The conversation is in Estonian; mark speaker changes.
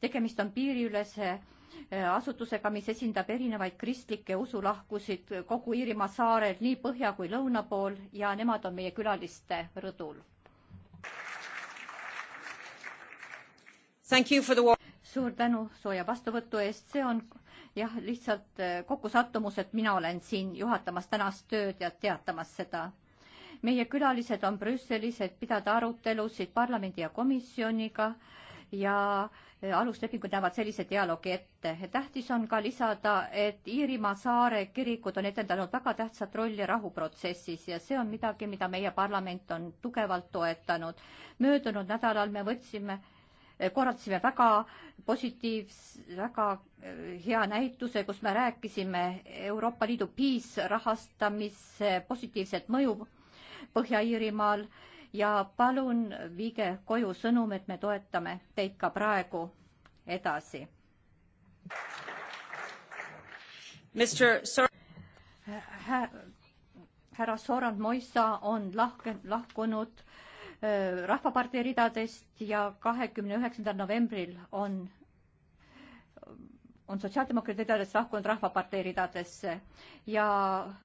Speaker 1: tegemist on piiriülese eh, asutusega, mis esindab erinevaid kristlikke usulahkusid kogu Iirimaa saarel nii põhja kui lõuna pool ja nemad on meie külaliste rõdul. suur tänu sooja vastuvõtu eest, see on jah, lihtsalt eh, kokkusattumus, et mina olen siin juhatamas tänast tööd ja teatamas seda. meie külalised on Brüsselis, et pidada arutelusid parlamendi ja komisjoniga äh, ja aluslepingud näevad sellise dialoogi ette. tähtis on ka lisada, et Iirimaa saare kirikud on etendanud väga tähtsat rolli rahuprotsessis ja see on midagi, mida meie parlament on tugevalt toetanud. möödunud nädalal me võtsime korraldasime väga positiivse, väga eh, hea näituse, kus me rääkisime Euroopa Liidu piisrahastamise positiivset mõju Põhja-Iirimaal ja palun viige koju sõnum, et me toetame teid ka praegu edasi. härra Soran Moisa on lahke, lahkunud äh, Rahvapartei ridadest ja kahekümne üheksandal novembril on, on sotsiaaldemokraadid ridadest lahkunud Rahvapartei ridadesse ja